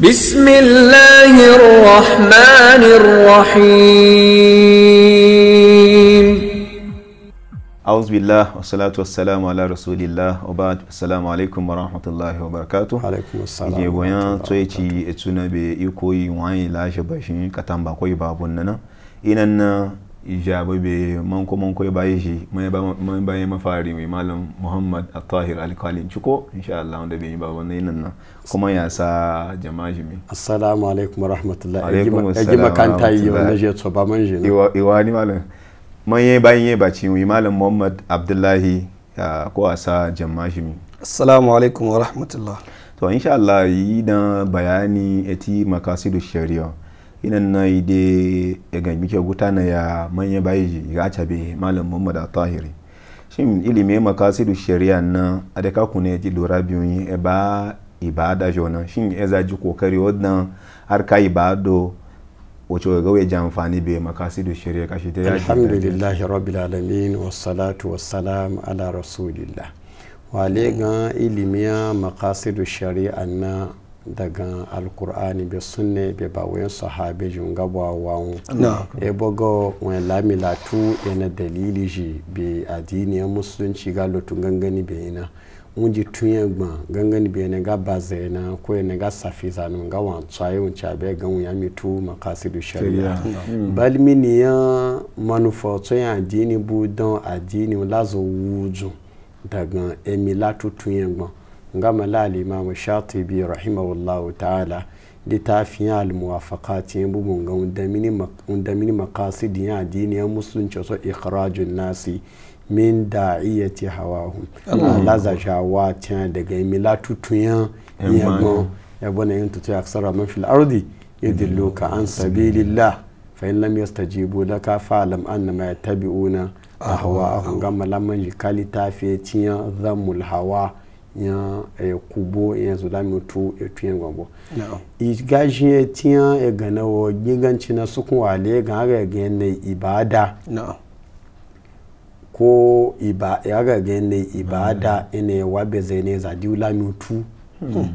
بسم الله الرحمن الرحيم أعوذ بالله والصلاة والسلام على رسول الله وبعد السلام عليكم ورحمة الله وبركاته عليكم السلام إجي بويا تويتي اتسونا بي يكوي وعي لا شباشين كتان بابوننا إننا ija babe man ko man koy baye ji man baye ma mai malam muhammad at-tahir al-kalin ciko insha Allah wanda bai ba wannan nan kuma ya sa jama'a ji mi assalamu alaikum wa rahmatullahi alaikum assalam makanta yi wannan je to ba man je iwa ni malam man yi bayan ba ci mai malam muhammad abdullahi ko a sa jama'a ji mi assalamu alaikum wa rahmatullahi to insha Allah yi dan bayani eti makasidu shari'a inan na ide ga mike gutana ya manya bayi ga acabe malam muhammad atahiri shin ilimin makasidu shari'a na adaka na ya ji lura biyun e ba ibada jona shin e za ji kokari wannan har ka ibado wace ga wai ji amfani bai makasidu shari'a kashi ta yaki alhamdulillah rabbil alamin wassalatu wassalam ala rasulillah wale ga makasidu shari'a na daga alkur'ani be sunne be ba sahabe jun gaba wawun e bogo wen lami latu yana e dalili ji be adini ya musulunci ga lotu gangani be ina mun ji tunye gba gangani be ne ga baze na ko ne ga safi zanu ga wan tsaye un cha ga gan ya mitu makasidu shari'a hmm. bal mini ya manufa tsaye adini bu don adini lazo wuju daga emi latu tunye gba gama la al shatibi rahimahullahu ta'ala littafin al-muwafaqat yan mun ga undamini maqasid ya addini ya musulunci so ikhrajun nasi min da'iyati hawahum Allah za shawa ta daga ya yabo yabo na yin tutu aksara man fil ardi ka an sabilillah fa in lam yastajibu laka anna ma yattabi'una ahwa'ahum gamma lamman jikali tafiye tiyan zammul hawa nya e eh, kubo yan zulami tu e tuyen gwambo no. i a e tiyan e gana wo gigan china suku wale ga aga gen ibada no. ko iba yaga aga gen ibada mm. ene wabe zene za diulami tu mm.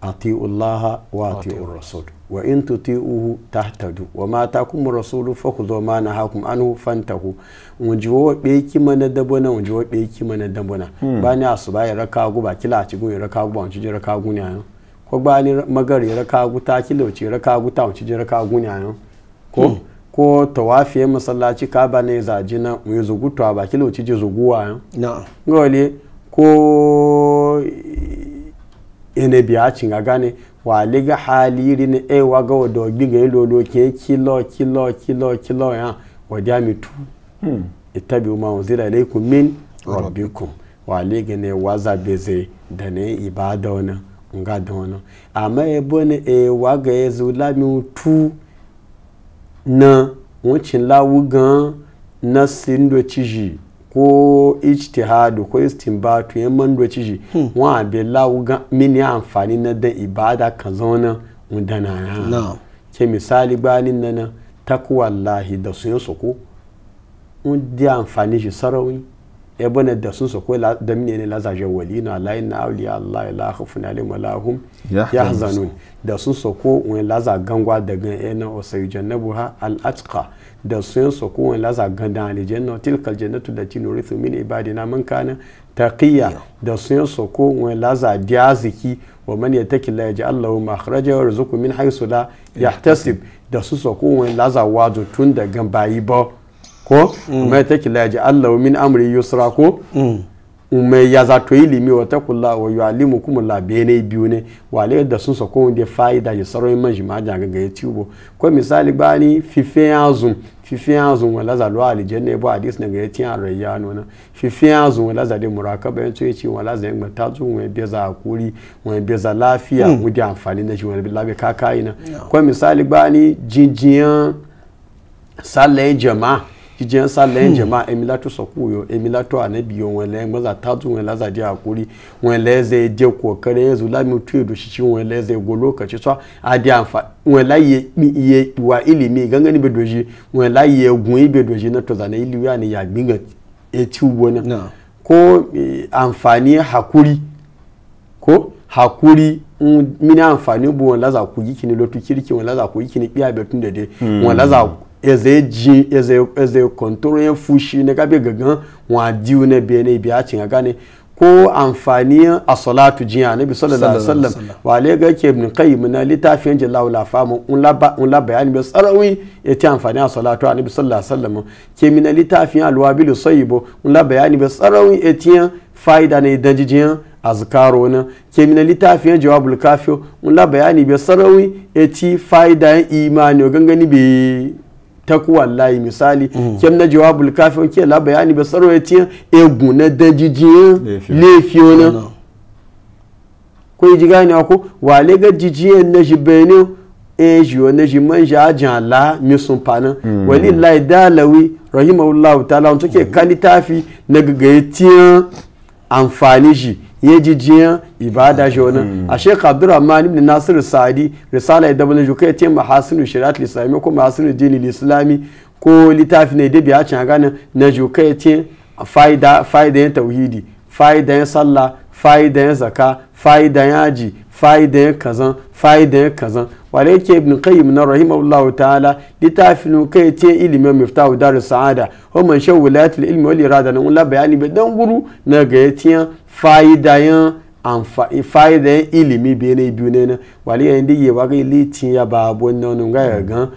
ati allaha wa ati rasul wa in tuti'uhu tadu wa ma takum rasulu zo ma na nahakum anhu ku unjiwo wa waɓe beki na dabona unjiwo wa beki mana dabona hmm. bani asuba ya raka gu ba kila ci gu ya raka gu ba unji raka gu ne ayo ko bani magari ya raka gu ta kila ci raka gu ta unji raka gu ne ayo ko ta hmm. tawafiye masallaci ka ba yi zaji na mu zugu to ba kila ci je zuguwa ayo na'am ko ene biacin a gane hali iri ne e eh, ga wa dogi ga ilolo ke kilo kilo kilo kilo ya wadiya mitu hmm. itabi ma unzila ilaikum min rabbikum waliga ne waza beze da ne ibada wani nga da wani amma ebo ne e waga la mi tu na wancin lawu gan na sindo ciji ko ijtihadu ko istinbatu yan mando do ciji hmm. wọn abe lauga mini amfani na da ibada kan zauna mudana na ke misali banin nana takwallahi da su ko suku un di amfani shi sarauni ebene da sun sako da mine ne lazaje wali na la inna awliya allah la khawfun alaihim wa lahum yahzanun da sun sako wani laza gangwa daga ina wasai jannabuha al atqa da sun sako wani laza ganda jannatu tilkal jannatu da rithu min ibadina man kana taqiya da sun sako wani laza diaziki wa man yataki la yaj'al allahu makhraja wa rizqu min haythu la yahtasib da sun sako wani laza wadu tun daga bayi ba ko mm. mai take la Allah min amri yusra ko mm. mai ya za to ilimi wa kula wa yu'allimu kuma la bene biyu ne wa le da sun sako inde faida ji saro man ji ma janga ga yutubo ko misali bani fifen azum fifen azum wala za lo ali janne bo hadis ne ga yatin arayya no na fifen azum wala za de murakaba yan ce ci wala za yan ta zu wani be za hakuri wani be za lafiya mu mm. da amfani da shi wani billahi kaka na ko misali bani jinjiyan sallai jama'a Hmm. emi salen hmm. jama emila to sokuyo emila to ta tu lẹ ngbaza tatu wọn lazadi akuri wọn lẹsẹ je kokare la mi tu edo shishi wọn golo go lokaci so di anfa wọn mi iye wa ilimi gangan ibe doji wọn laye ogun ibe doji na to na ili ya ni ya gbinga eti wo na ko e, anfani hakuri ko hakuri ni anfani bu wọn laza ku yikini lotu kirki wọn laza ku yikini biya betun dede wọn laza hmm. eze dzi eze eze kɔntoro yɛn fushi ne ka bɛ gangan wɔn adiw ne bɛ ne bi a tiɲɛ ka ne ko amfani a salatu jiya ne bi sallallahu alaihi wasallam wa ale ga ke ibn qayyim na litafin jalla wala famu un la ba un la bayani bi sarawi yati amfani a salatu ne bi sallallahu alaihi wasallam ke min litafin alwabil sayyibo un la bayani bi sarawi yati faida ne dajijiyan azkaro na ke min litafin jawabul kafi un la bayani bi sarawi yati faida imani gangani bi wallahi misali mm. kem na jawabul kafi ke la bayani ba saro ya tiya na dajijiyan na ko yi gani ko wale ga jijiyan na shi e shi na shi man shi ajin ala mi sun mm. wani lai dalawi rahimahullahu ta'ala wani suke mm. kalitafi na gaggaye tiyan amfani shi yeji jijiyan ibada jona hmm. a sheikh abdurrahman ibn nasir sa'adi risala ya dabana juka yace mahasinu shari'at islami ko mahasinu dini islami ko littafi ne da biya cin gana na juka yace faida faida yan tauhidi faida yan sallah faida yan zaka faida yan aji faida yan kazan faida yan kazan wale yake ibn qayyim na rahimahullahu ta'ala littafin kai ce ilimin miftahu darus sa'ada wa man shawwilat al ilmi wal irada nan la bayani be dan guru na ga yatiyan fa'idayen amfani fa'idayen ilimi bene biyu ne na wali yayin da yewa ga ilitin ya ba abun nan ga ya gan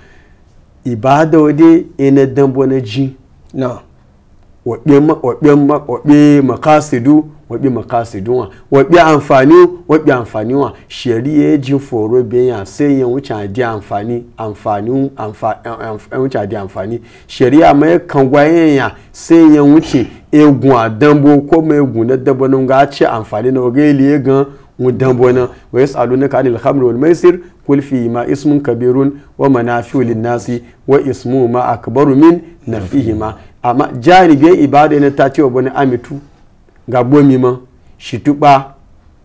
ibada wade ina dambo na ji na wabe makasidu wabi makasiduwa wabi amfani wabi amfaniwa shari'a ji foro biya sai wuce adi amfani amfani eh, eh, eh, wuce adi amfani shari'a mai kangwayen ya sai wuce egun a ko mai egun na dabo ga amfani na waga iliye gan mu dambo nan wa na kanil wal maisir kul fi ma ismun kabirun wa manafi'u lin nasi wa ismu ma akbaru min nafihima amma jaribiyar ibada ne ta ce wa bani amitu ga gbuo mima shitukpa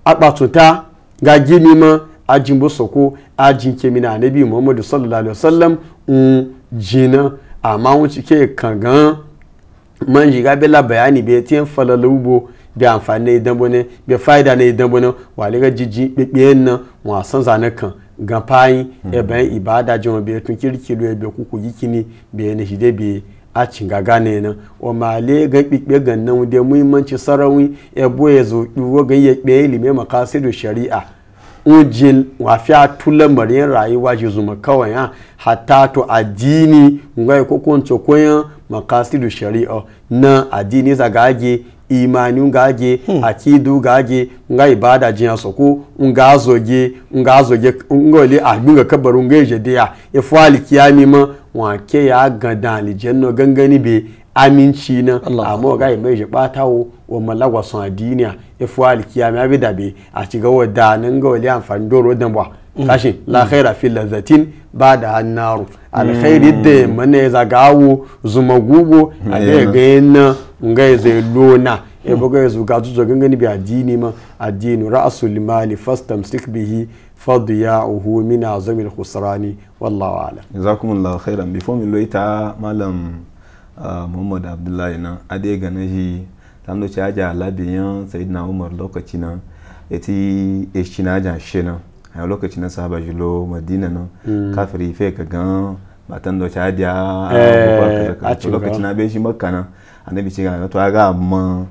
akpatunta ga ji mima ajin soko ajin ke mina anabi muhammadu sallallahu alaihi wasallam un jina amma wun cike kan gan man yi ga bela bayani be tiyan falala ubo bi amfani na idan bane bi fa'ida na idan bane wale ga jiji pepe na wasan zane kan gan fayin ebe hmm. ibada jin bi tun kirkiro ebe kuku yikini bi ne shide a cinga gane nan o male ga kpikpe gannan da muhimmanci sarawi ebo ya e zo kiwo ga ya kpe ilime da shari'a wa wafiya tula marin rayuwa ji zuma kawai ha hatta to addini ngai e ko kon to koyan shari'a na addini zagage imani gage hmm. akidu ngage nga ibada jiya soko nga zoge nga zoge a agbinga kabaru nga ejede ya ifu alikiyami ma wa ke ya gada alijanna gangani be aminci na amma ga mai je batawo wa malagwa sun adiniya ifu alikiyami abi dabe a ciga da danin ga wali amfani doro dan ba hmm. kashi la hmm. khaira fil lazatin ba da hannaru alkhairi da mana ya zagawo zuma gugu mm. a ga na yana zai lona ya buga ya zuga tuzo gangani bi addini ma addini limali fastam fastamsik bihi fadiya'uhu min azamil khusrani wallahu a'lam jazakumullahu khairan before mi loita malam ah, muhammad abdullahi na ade ganaji tamdo chaja labiyan sayyidina umar lokaci na eti eshina jan shena a lokaci na saba jilo madina nan kafiri fe ka gan matan da ta dia a lokaci na be shi makka nan annabi ce ga to ga amma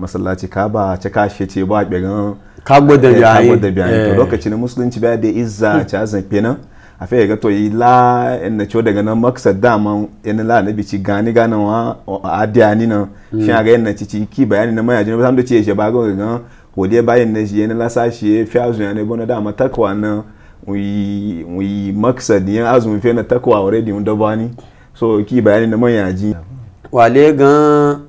masallaci ka ba ce ka she ce ba be gan ka goda biyayi ka goda biyayi to lokaci na musulunci ba da izza ta zan nan a fe ga to yi la en na cho daga nan maksad dama in la na bici gani gana wa adiani nan shi ga en na cici ki bayani na mai ajin ba sam da ce she ba ga gan godiya ba na ne yɛ ne lasa sie fi azun ne bɔ da ama takwa na wuyi wòyi maksa diɛ azun fi takawa takwa wɔre da mu so ki bayani na man yɛ aji. wale gan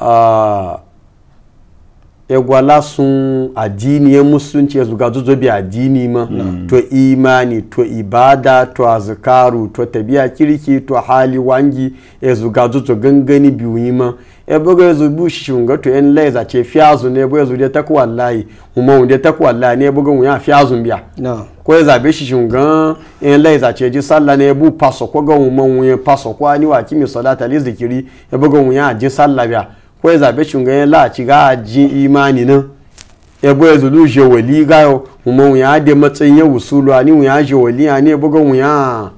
ah, egwala sun addini ya musulunci ya zuga zuzo bi addini ma to imani to ibada to azkaru to tabiya kirki to hali wangi ya zuga zuzo gangani biyu yi ma ya e buga ya zubu shi shunga to yan lai zace fiyazu ne buga zuwa ta kuwa layi kuma wunde ta kuwa layi ne buga wuya fiyazun biya ko ya zabe shi shunga yan lai zace ji sallah ne bu paso ko ga wuman wuya paso ko ani wa kimi salata li zikiri ya e buga wuya ji sallah biya ko ya zaɓe shungayen la'aci ga ajin imani nan ya bo ya zulu je wali gayo kuma wuya da matsayin ya wusulu ani wuya je wali ani ya buga wuya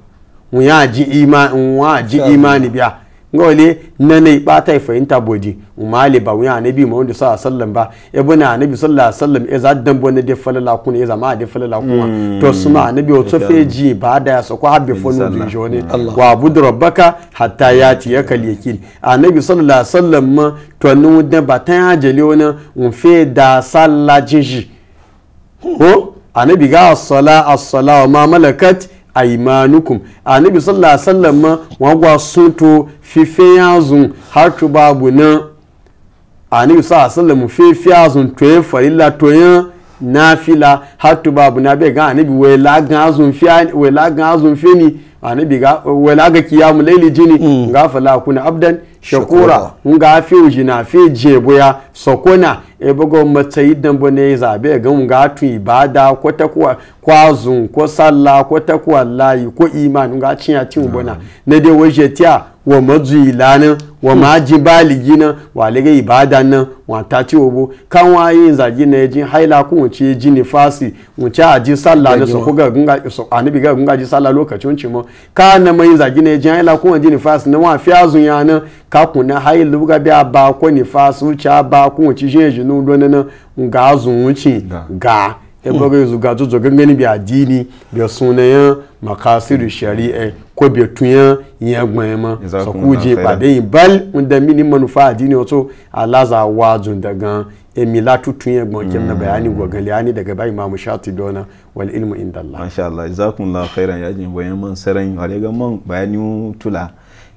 wuya ji imani wuya ji imani biya ngole na ne bata fahimta boji umali ba wuya mu wanda sallallahu alaihi wasallam ba ibn anabi sallallahu alaihi wasallam ya zaddan ne de falala kuna ya zama de falala kuma hmm. to suma anabi wato feji ba da ya sako habbe fonu din jone wa budu rabbaka hatta yati yakal yakin anabi sallallahu alaihi wasallam ma to nu da tan ajele wona un fe da jiji ko anabi ga sala as-sala ma malakat aimanukum anabi sallallahu alaihi wasallam ma wa gwa sunto fifiyazun har tu nafila har babu na be ga anabi gan ga azun fi ni anabi ga wela ga mu laili jini mm. ga fala kuna abdan shakura nga fi ujina fi sokona bugo matsayi dan bane zabe ga mun ga tu ibada ko ta kuwa kwazun ko sallah ko ta kuwa layi ko iman ga cin ya tin bona ne dai waje jetia wa mazuila lana wa hmm. maji baligi nan wa lege ibada na wa ta ci obo kan waye zagi na ji haila ku mu ci ji nifasi mu ci a ji sallah da su ga gunga su anabi ga gunga ji sallah lokacin ci mu ka na mai zagi na ji haila ku mu ji nifasi na wa fiazun ya na ka ku na hailu ga biya ba ko nifasi cha ba ku mu ci je no ruwan nan ga zuwuci ga ya baga yanzu bi zuzo gangani bi addini bi sunayen makasiru mm. shari'a e, ko bi tunya ya gbaye ma sakuje pade bal unda mini manufa addini wato alaza wajun daga emila tutun ya gbaye na bayani gwagali ani daga bai imamu shati dona wal ilmu inda indallah masha Allah jazakumullahu khairan ya jin bayan man saran ale ga man bayani tula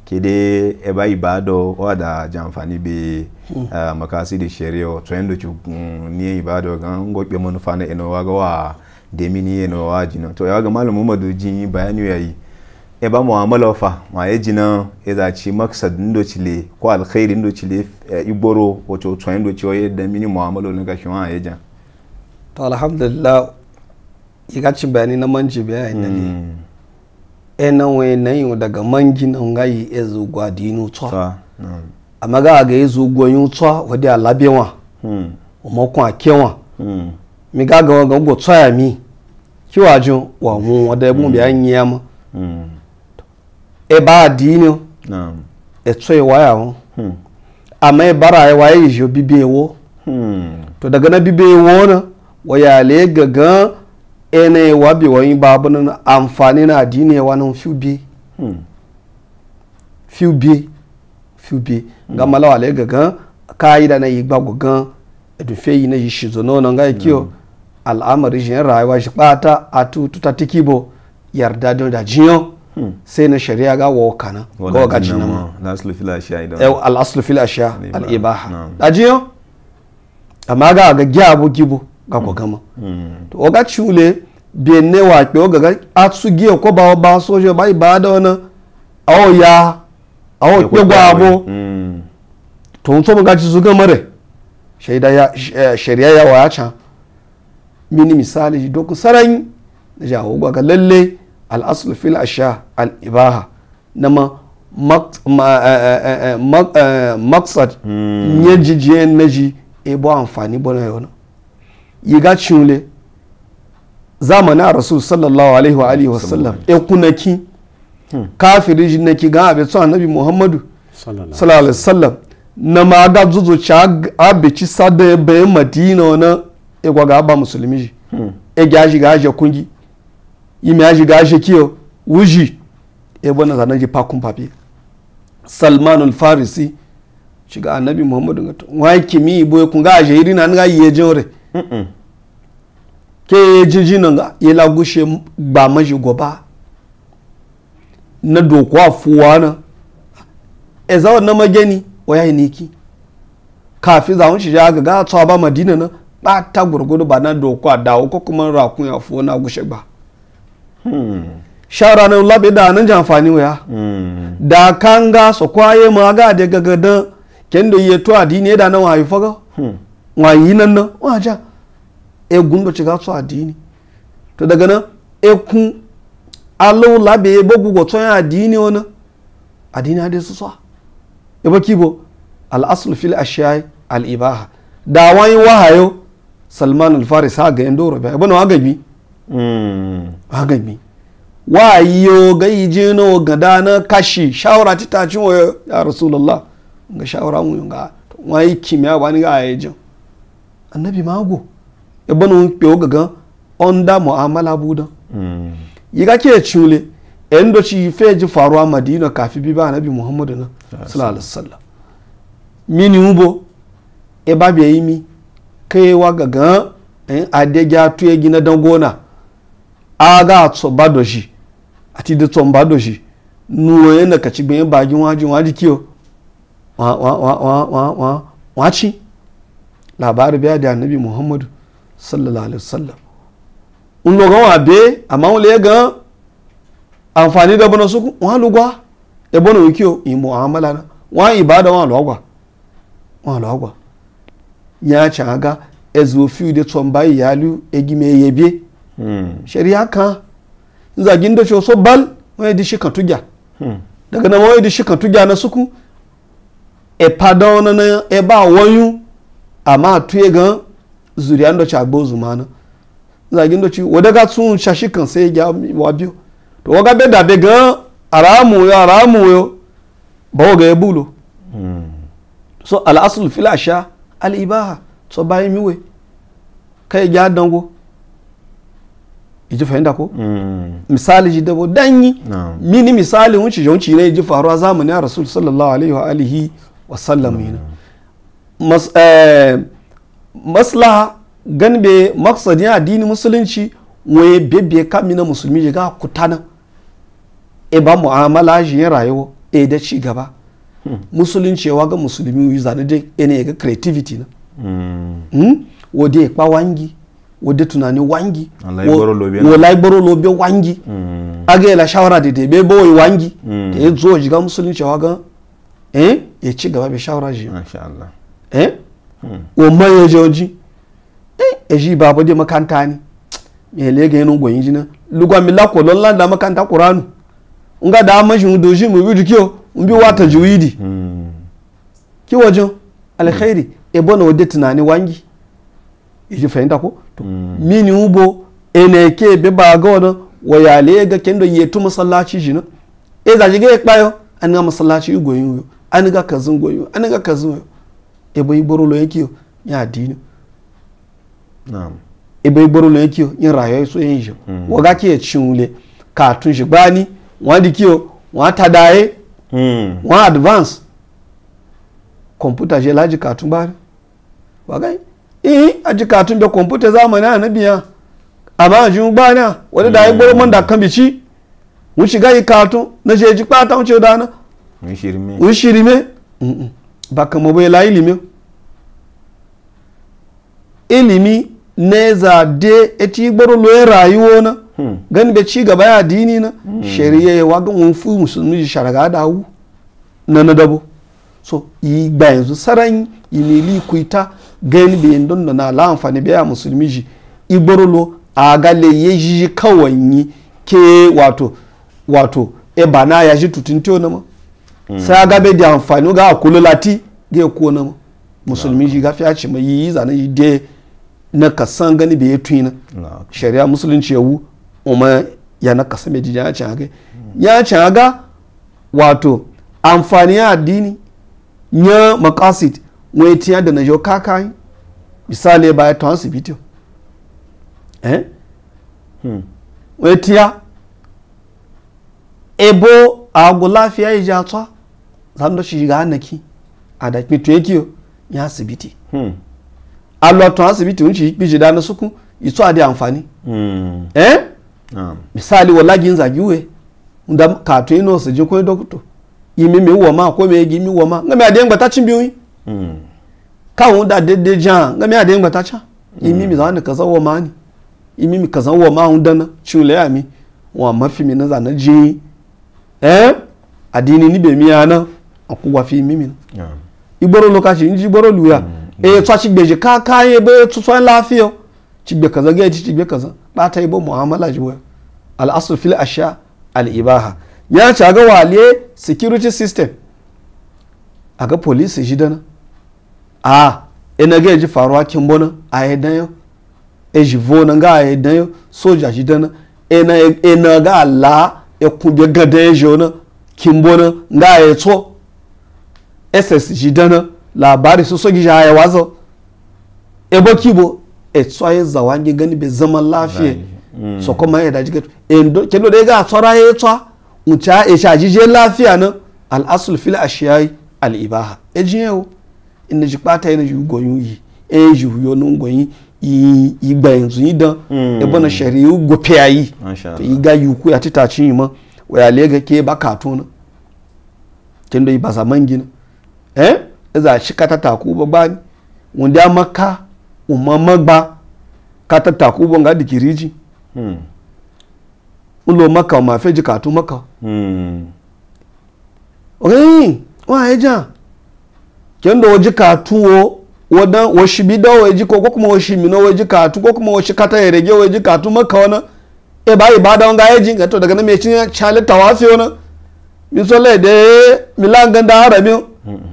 kede eba ibado wada janfani be mm. uh, eh, makasi de sherio trendo chugun ni ibado gan go pe mo fana eno waga wa demi ni eno wa jina to ga malum Muhammadu jin bayani yayi eba muamala fa ma ye jina eza chi maksad ndo chile ko khair ndo chile uh, iboro wato trendo chi eh, oye demi ni muamala ne ga shwa ye jan to alhamdulillah yi chi bayani na manji bayani ne ena we na yin daga mangi na nga yi ezu gwa di inu Ama ga aga ezu gwa yin twa wadi alabe hmm. wa omo kun ake wa hmm. mi ga ga ga go twa ya mi ki wa jun wa mu wada mu hmm. bi a yi ama e ba di inu e twa e wa ya won amma e bara ya e wa e yi jo bibe wo to daga na bibe wo na wa ya le gaga ene wa bi wani babu nan amfani na addini wa nan fiu bi hmm. fiu bi fiu bi hmm. ga malawa ka yi da na yi igba gogan edu fe yi na yi shizo no nan ga kiyo hmm. al'amari jin rayuwa shi bata atutu ta bo yarda da jiyon hmm. sai na shari'a ga wa kana ga wa gaji na ma al aslu fil ashiya al ibaha ajiyo amma ga ga gya abu kakwa gama mm. to oga chule bienne wa pe oga ga atsugi ko ba ba oba soje ba ibada ona awo ya awo pe gwa abo mm. to n so mo ga ci su gama re shaida ya eh, shari'a ya wa cha mini misali ji doku saran ja ogwa ga lalle al aslu fil asha al ibaha nama eh, eh, maksad mm. nye jijiyen e na ji ebo amfani bona yona yi ga cunle zamana rasul sallallahu alaihi wa alihi wasallam e kunaki hmm. kafiri ji naki ga abin tso annabi muhammadu sallallahu alaihi wasallam na ma ga zuzu cha abe ci sada madina na e gwa ga ba musulmi ji ya hmm. ga ji ga kungi yi mai ji ga kiyo wuji ya bane zanen ji pakun papi salmanul farisi shiga annabi muhammadu ga to wa kimi bo kun ga je irina ga yi je jore ke jiji nan yela gushe ba maji goba na dokuwa fuwa nan e zawon na mageni waya yi niki kafi zawon shi ga ga tsawa ba madina nan ba ta gurgudu ba na dokuwa dawo ko kuma rakun ya fuwa na gushe ba hmm. shara na labe da nan jamfani waya hmm. da kanga so kwaye ma ga daga gadan kendo yeto adini da nan haifa ga hmm. wa yi nan nan wa ja e gundo ciga su adini to daga nan e ku alau labe e bogu go to adini ona adini ade su so e ba kibo al asl fil ashiyai al ibaha da wani wahayo salman al faris ha ga yandoro ba e ibn wa gabi mm ha wa yo ga yije no gada na kashi shawara ti ta cin ya rasulullah ga shawara mu ga wani kimiyya ba ni ga ayejin jin annabi mago ibanu o gaga onda mu'amala hmm. yi ga ke chule en do ci fe ji faruwa madina kafi bi ba annabi muhammadu na ah, sallallahu alaihi wasallam mini ubo e ba bi yi mi kai wa gaga en adeja tuye gina dangona aga tso badoji ati de to badoji nuwo yana ka ci gbe ba ji wa ji wa ji kiyo wa wa wa wa wa wa chi Labari biya da annabi muhammadu sallallahu alaihi wasallam un lo gan wa be amma wule ga amfani da bana suku wa lugwa e bana wiki o yi mu'amala na wa ibada wa lugwa wa lugwa ya ci aga ezo fi de ton bayi ya lu egi me yebie hmm sharia kan zagin da so bal wa di shi kan tuja hmm daga na wa di shi kan tuja na suku e padon na e ba wonyu amma tuye gan zuriya ndo agbo gbo zumana zagin do ci ga tun shashi kan sai ya wa biyo to waga be da be gan aramu yo aramu yo bawo ga e bulo hmm. so al aslu fil asha al ibaha so bayan miwe kai ya dango iji fahimta ko hmm. misali ji dabo danyi mini misali wunci jonci ne ji faruwa zamani a rasul sallallahu alaihi wa alihi wa sallam yana Eh, maslaha gan be maksad ya addini musulunci waye bebe kami na musulmi ga kutana e ba mu'amala shi ya rayuwa e da ci gaba hmm. musulunci wa ga musulmi yi zane da ene ga creativity na hmm, hmm? wo de pa wangi wo tunani wangi wo laiboro lobe wangi hmm. aga la shawara de de be boy wangi e zo jiga musulunci wa ga eh e ci gaba be shawara ji Masha Allah eh wa manya oji eh eji babo de makanta ni me lege yenu goyin jina lugwa lako lolla da makanta qur'anu nga da mashin doji mu biju kiyo mbi wata juwidi hmm. ki wajo alkhairi e bona wode tunani wangi iji e fahimta ko hmm. mini ubo eneke be ba ga wona waya ga kendo yetu masallaci jina e za jige yo an ga masallaci goyin yo an ga kazun goyin an ga kazun ebe lo ekio ya dino naam ebe lo ekio yin rayo iso enjo mm. Mm-hmm. woga ki e chunle ka tun se gba ni wọ́n di kí o wọ́n tadaye mm. Mm-hmm. wọ́n advance computer je laji ka tun ba waga eh aji ka tun be computer zamani anabi ya amma ji gba na da igboro man da kan bici wuci ga yi ka tun na je ji pata wuce da na wushirime mm -mm. bakamo la ilimi ilimi ne zade eti gboro lo rayuwa na hmm. gani be ci gaba ya dini na hmm. shari'a ya waga won fu musulmi sharaga da wu na na dabo so igba yanzu saran inili kuita gani be don na la amfani be ya musulmi ji igboro lo aga le ji kawanyi ke wato wato e bana ya ji tutuntiyo na ma sai ga bai da amfani ga akulu lati ga ya kona musulmi ji gafi a ce mai yi zane yi de na kasan gani bai tuni na shari'a musulunci wu umar ya na kasan mai jijin ya ce haka ya ce haka wato amfani ya addini ya makasit wani tiya da na jo kakai misali ba ya ta hansu bidiyo eh hmm. wani tiya ebo agwo fiye ya ja ta zando shiga ki ada pitu ekio ya asibiti hmm a lọ tán asibiti ń ṣe gbíṣe dáná sókún ìtọ́ àdé àǹfààní. misali wala ginza giwe da kato ino su je kuma dokuto imi mi woma ko me gi mi woma ngami ade ngba ta cin biyu mm. ka hun da dede jan ngami ade ngba ta cha imi mi hmm. zan kaza woma ni imi mi kaza woma hun dana chule ami mi wa mafi mi na zana ji eh adini ni be mi ana akuwa fi mimin igboro lokaci in ji igboro luya E, mm, mm. eh tsa ci gbeje ka ka ye be tutsa lafiyo ci gbe kaza ge ci gbe kaza ba ta ibo mu'amala ji waya al asl fil asha al ibaha ya ci ga wale security system aga police ji dana a ina ga ji faruwa kin bona a ye dan yo e ji vo na ga ye dan yo soja ji dana ina ina ga la e kun be gadan je ona kin bona ga ye to ss ji dana labari su sogi ji haya wazo ebo kibo e tsoye zawangi gani be zaman lafiya mm. so kuma ya daji gato endo kelo da e ga tsora ya tsa mucha e sha jije lafiya na al asl fil ashiyai al ibaha e jiyo in e ji pata ina ji goyun yi e ji huyo nun goyin igba yanzu yi dan e bana shari'u gope ayi to yi ga yuku ya titacin yi ma waya ya lega ke ba katuna kendo yi ba zaman gina eh za shi katata ku ba ni wanda maka umma magba katata ku bonga dikiriji hmm ulo maka ma feji katu maka hmm oyin wa eja kendo waji katu wo bi washi bida waji ko kuma washi mino waji katu ko kuma washi kata ya rege ka katu maka wana e ba ibada wanga yaji ga to daga nan me cin fi tawafi na. mi sole de mi langan da harami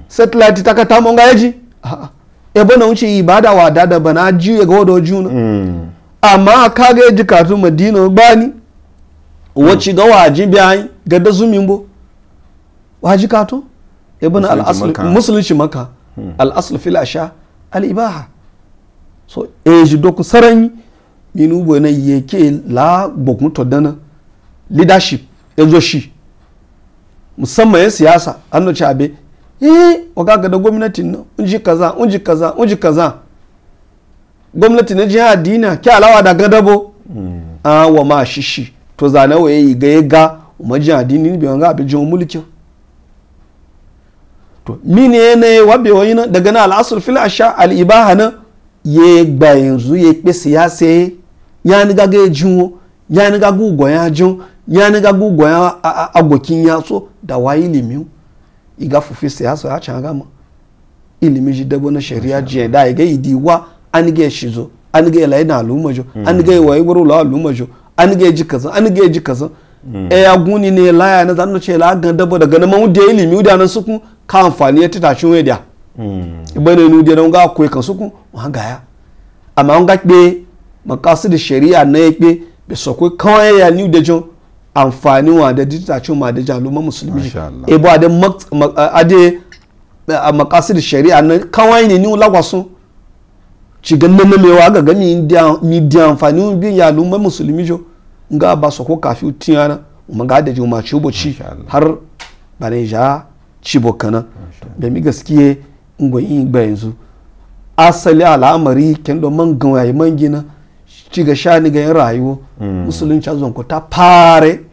satellite ta kata mun gaji ah, ah. e na wuce ibada wa dada bana ji ga wado juna mm. amma ka ga ji katun madina bani wacce mm. ga waji biyan ga da zumin bo waji kato e na al-asl musulunci maka mm. al-asl fil asha al-ibaha so e ji doku saranyi minu bo na yeke la gbokun to dana leadership ezo shi musamman 'yan siyasa an nuce abe eh wa ga da gwamnatin na, unji kaza unji kaza unji kaza gwamnati na jihar dina ki alawa da gadabo hmm. a ah, wa ma shishi to zane wa yi, ga ga ma jihar dini biyan ga abin jin mulkin to mine ne wabe wani na daga na al'asur fil asha al'ibaha na Ya gba yanzu ya pe siyasa ya ni gaga ya jinwo ya ni gaga gugo ya jin nyaniga gugoya ya so da wa ilimi iga fufi siyasa ya can gama ilimi ji dabo na shari'a jiya da iga idi wa an ga shizo an ga lai na al'umma jo an ga mm. wayi wuro la al'umma jo an ga ji kaza an ga ji kaza mm. e ya guni ne laya na zanu ce la ga dabo da na mun da ilimi da nan suku ka amfani ya tashin wai da ibane nu da ga koyi kan suku wa ga ya amma on ga pe makasid shari'a na ya pe be sokwe kan ya ni da jo amfani wa da ditacin ma da jaluma musulmi e bo ade ade eh, makasid shari'a na kawai ne ni lagwasun ci ganna na mewa ga ga mi di amfani bi yaluma musulmi jo nga ba so ko kafi tiyana mu ga da juma ci boci har bane ja ci bokana da mi gaskiye ngoyin ba yanzu asali al'amari kendo man gawaye man gina ci ga shani ga yin rayuwa mm. musulunci a ko ta pare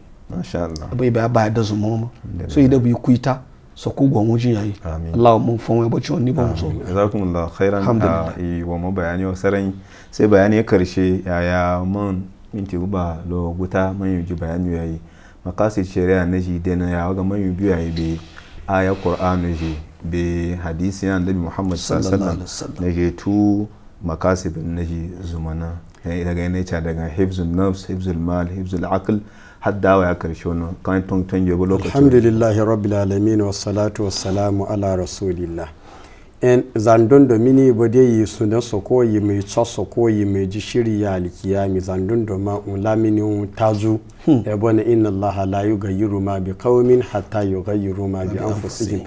abai ba ba da zumo ma so bu yi kuita so ku gwamu jin yayi Allah mun fon wai bacci wani ba so jazakumullah khairan yi ah, eh, wa mu bayani wa sarai sai bayani ya karshe yaya mun minti guba lo guta man yi bayani yayi makasi shari'a na ji dena ya ga man biyu yayi be aya qur'anu ji be hadisi na annabi muhammad sallallahu alaihi wasallam ne tu makasibin naji zumana daga nature daga hifzul nafs hifzul mal hifzul aql har dawa ya karshe wannan kan tun tun yabo lokacin alhamdulillahi rabbil alamin wassalatu wassalamu ala rasulillah en da mini ba dai yi sunan soko yi mai cho soko yi mai ji shiri ya alkiyami da ma la mini un tazu hmm. ebo na inna allah la yughayyiru ma bi qaumin hatta yughayyiru ma bi anfusihim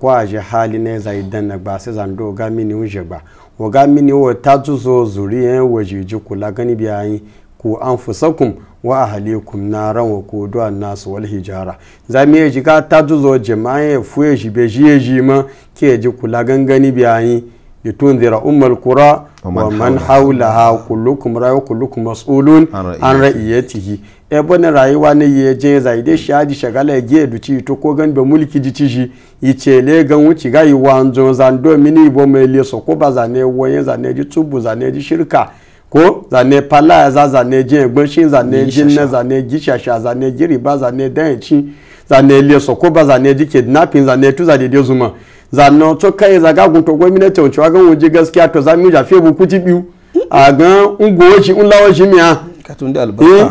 ko a je hali ne zai dan na ba sai zando ga mini un je ba wa ga mini wo tazu zo zuri en wajiji kula gani yi ku anfusakum wa ahalikum ran wa kuduwa nasu wal hijara za mu yi ka ta zuzo jama'a ya fuye shi be shi ya ma ke ji kula gangani biyayi bi tunzira ummal qura wa man hawlaha kullukum ra'u kullukum mas'ulun an ra'iyatihi e bonin rayuwa ne ya je zai dai shadi shagala ya ge duci to ko gan be mulki ji ciji yi le gan wuci ga yi wanzo zan do mini bo mai le so ko ba zane wo zane ji tubu zane ji shirka ko zane pala za zane jin shi zane na zane gishasha zane giriba zane danyaci zane ko ba zane ji kidnapping zane tu zade dio zuma zane to kai zaga gun to gwamnati wa ga wuji gaskiya to za mi ja febu kuti biyu a ga ungo shi un lawo shi a ka tun da albarka eh?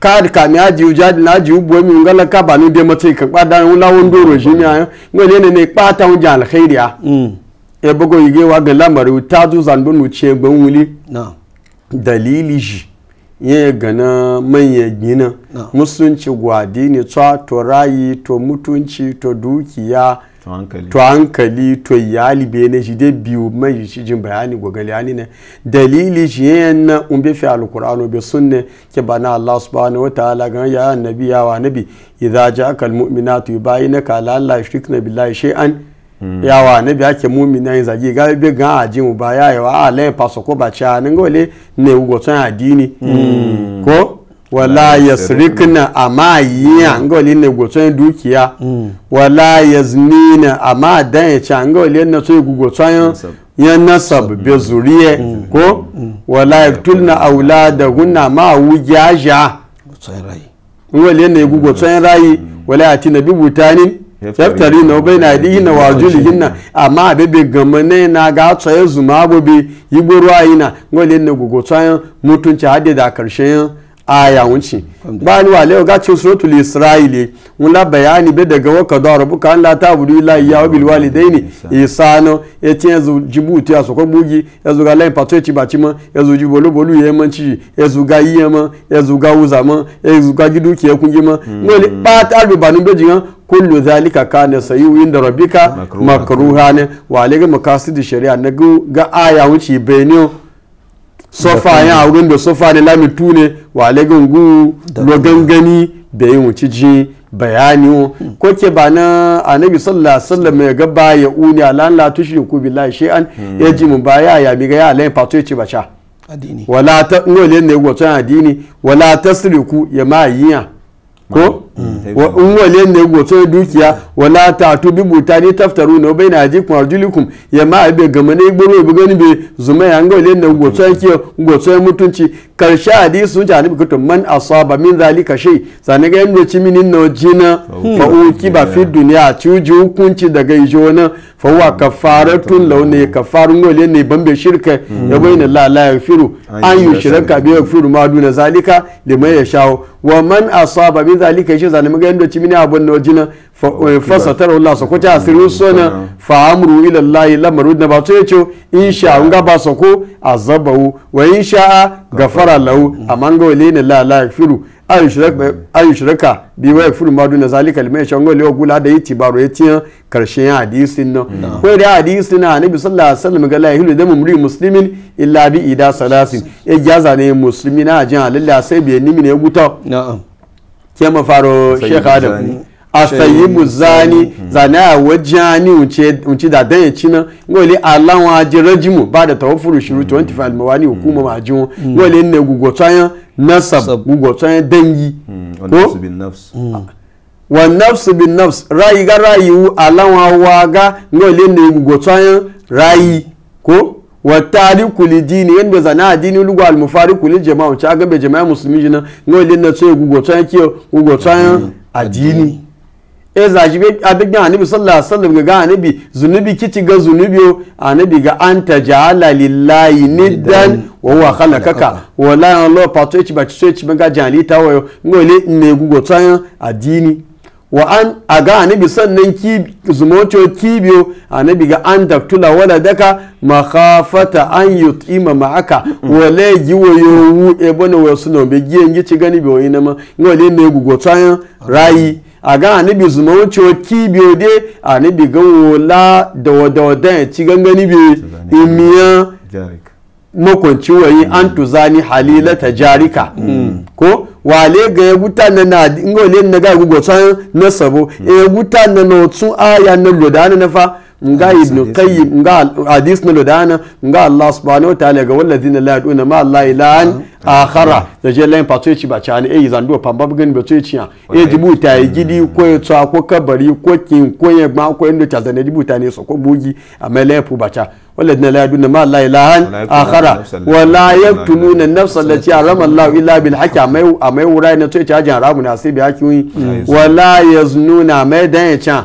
kad ka mi aji uja mm. na aji ubo mi ngala ka banu de mata ka kwada un lawo ndoro shi ngo le ne ne pata un ja alkhairiya e bogo yige wa ga lamaru ta zu zandun n'u ce gbanwuli na'am dalili ji yin gana manyan gina musulunci gwadi ne tsa to rayi to mutunci to dukiya to hankali to yali be ne shi dai biyu mai shi jin bayani gwagali ani ne dalili shi yin na umbe fi alkur'ano be sunne ke bana Allah subhanahu wataala ga ya annabi ya wa nabi idza ja'aka almu'minatu yubayinaka la la yushrikna billahi shay'an Mm. yawa ne bi ake mumi na yin zagi ga bi gan aji mu ah, ba ya yawa a lẹ́yìn paṣọ ba cha ni ní le ne wugo tó adi ni mm. Mm. ko wala yasrikna amma yiya le ne gotsoyin dukiya wala yaznina amma dan ya ci le ne so gotsoyin yan nasab bi zuriye ko wala yaktulna gunna ma wujaja le ne gotsoyin rayi wala yatina bi butanin yaftari na obe na adi na wajuli ginna amma abebe gama na ga tsaye zuma gobe yi gboro yi na ngole na gugu mutunci hade da karshen aya wuce ba ni wale ga ce suratul isra'ili mula bayani be daga waka da rabbuka an la ta'budu illa iyyahu bil walidaini ihsano yace yanzu jibuti aso ko bugi yanzu e ga lai pato ci e baci ma yanzu e jibolo bolu ye man ci yanzu ga yiye ma yanzu ga uza ma yanzu ga giduki ki kungi ma hmm. ngoli ba ta albi banu be jinga kullu dhalika kana sayu inda rabbika makruha ne wale ga makasid shari'a na ga aya wunci benio sofa ya wurin da sofa ne lami tune wa gungu lo gangani da yin wuce ji bayani hmm. ko ke ba na annabi sallallahu alaihi wasallam ya ga ba ya uni alan la ku billahi shay'an hmm. ya ji mu ba ya mi ga ya alai fato ya ci bacha wala ta ngole ne wato adini wala tasriku ya ma yiya ko in mm. mm. waliyan ne goto dukiya wala ta tu bi butani taftaru no bai na ji kun arjulikum ya ma abe gama ne gboro bi gani be zuma ya ngo waliyan ne goto yake goto mutunci karshe hadisi sun jani bi kutun man asaba min zalika shay sani ga yanda ci minin no jina mm. fa uki ba fi duniya ci ji hukunci daga ijo na fa wa kafaratun launi kafarun waliyan ne bambe shirka ya bai la la yafiru an yushraka bi yafiru ma duna zalika liman yashaw wa man asaba min zalika shi zani muga yadda ci mini abin jina fa eh, satara Allah so kota asiru sona fa amru ila Allah lamaru na ba to sha an nga ba so ko zabawu wa insha gafara lahu amanga wale ne la la yakfiru ayushraka mm. bi wa yakfiru ma duna zalika ya shangon lewa gula da yi ci baro ciyan karshen hadisin nan ko da hadisin na annabi sallallahu alaihi wasallam ga lahi hilu da muri musulmin illa bi ida salasin ya gyaza ne na ajin halalla sai bi ni mine guta na'am kema faro sheikh adam asayimu zani zani a wajani unci da dan yaci na ngole alawan ajiran jimu ba da tawafuru shiru 25 mawani hukuma majin ngole ne gugo tsayan nasab gugo tsayan dangi ko wa nafs bin nafs rayi ga rayi alawan waga ngole ne gugo tsayan rayi ko wa kuli dini yadda zana dini lugu almufari kuli jama'a cha ga be jama'a musulmi jina ngo wani na ce gugo tsan kiyo gugo a dini. e za ji be abin annabi sallallahu alaihi wasallam ga annabi zunubi kici ga zunubi anabi ga anta ja'ala lillahi niddan wa huwa khalaqaka wa la Allah pato ichi ba ichi ba ga jali tawayo ngo ngole ne gugo a dini. wa an a ga anabi sannan zumoto kibiyo anabi ga an daktula wala daka makhafata an yutima ma'aka wale giwoyowu ebona wa suna be giyen gici gani bi wani nama wale ne gugo tsayan rayi a ga anabi zumoto kibiyo de anabi ga wala da wada ci gangani bi imiya makwanci wayi an mm. tuzani halilata jarika mm. ko wale ga eguta na na ngole na ga gugo tsan na sabo eguta na no tun aya na lodana na fa nga ibn qayyim nga hadis na lodana nga allah subhanahu wa ta'ala ga wallazina la yaduna ma allah ilahan ah, ah, akhara ah. da je lain pato ci ba cha ne e eh, zando pamba bugin ba to ci ya e eh, jibuta yi hmm. gidi ko ya tsa ko kabari ko kin ko ya gba ko inda ta zane jibuta ne so ko bugi amma laifu ba ta na la yaduna ma allah ilahan akhara wa la yaktumuna an-nafsa allati harama allah illa bil mai amai amai wurai na to ci ajin haramu na sai bi haqqi wa hmm. la hmm. yaznuna ma dan ya can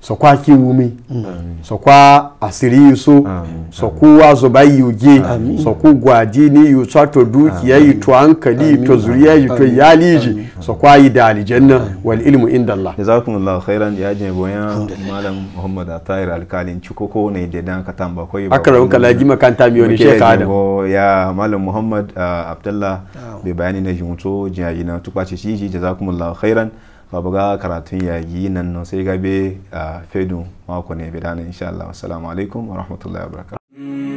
sɔkɔ akiwumi sɔkɔ asiri so sɔkɔ azɔba yiwuye sɔkɔ gwaji ni yi tɔ tɔ dukiya yi tɔ hankali tɔ zuriya yi tɔ yali yi sɔkɔ ayi da alijanna wal ilmu inda Allah. jazakumullah khairan ya je bonya malam muhammad atayir alkalin ciko ko ne da dan ka tamba koyi ba akaran kala ji makanta mi wani sheka adam ya malam muhammad ah, abdullah bai bayani na jumuto jiyayi na tukwace shi jazakumullah khairan babu ga karatun yagi nan nan sai gabe a ah, fedu mako ne bidana insha Allah assalamu alaikum wa rahmatullahi wa barakatuh